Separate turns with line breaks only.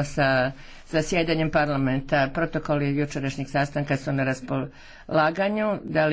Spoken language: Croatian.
sa zasjedanjem parlamenta. Protokoli jučerašnjeg sastanka su na raspolaganju. Da li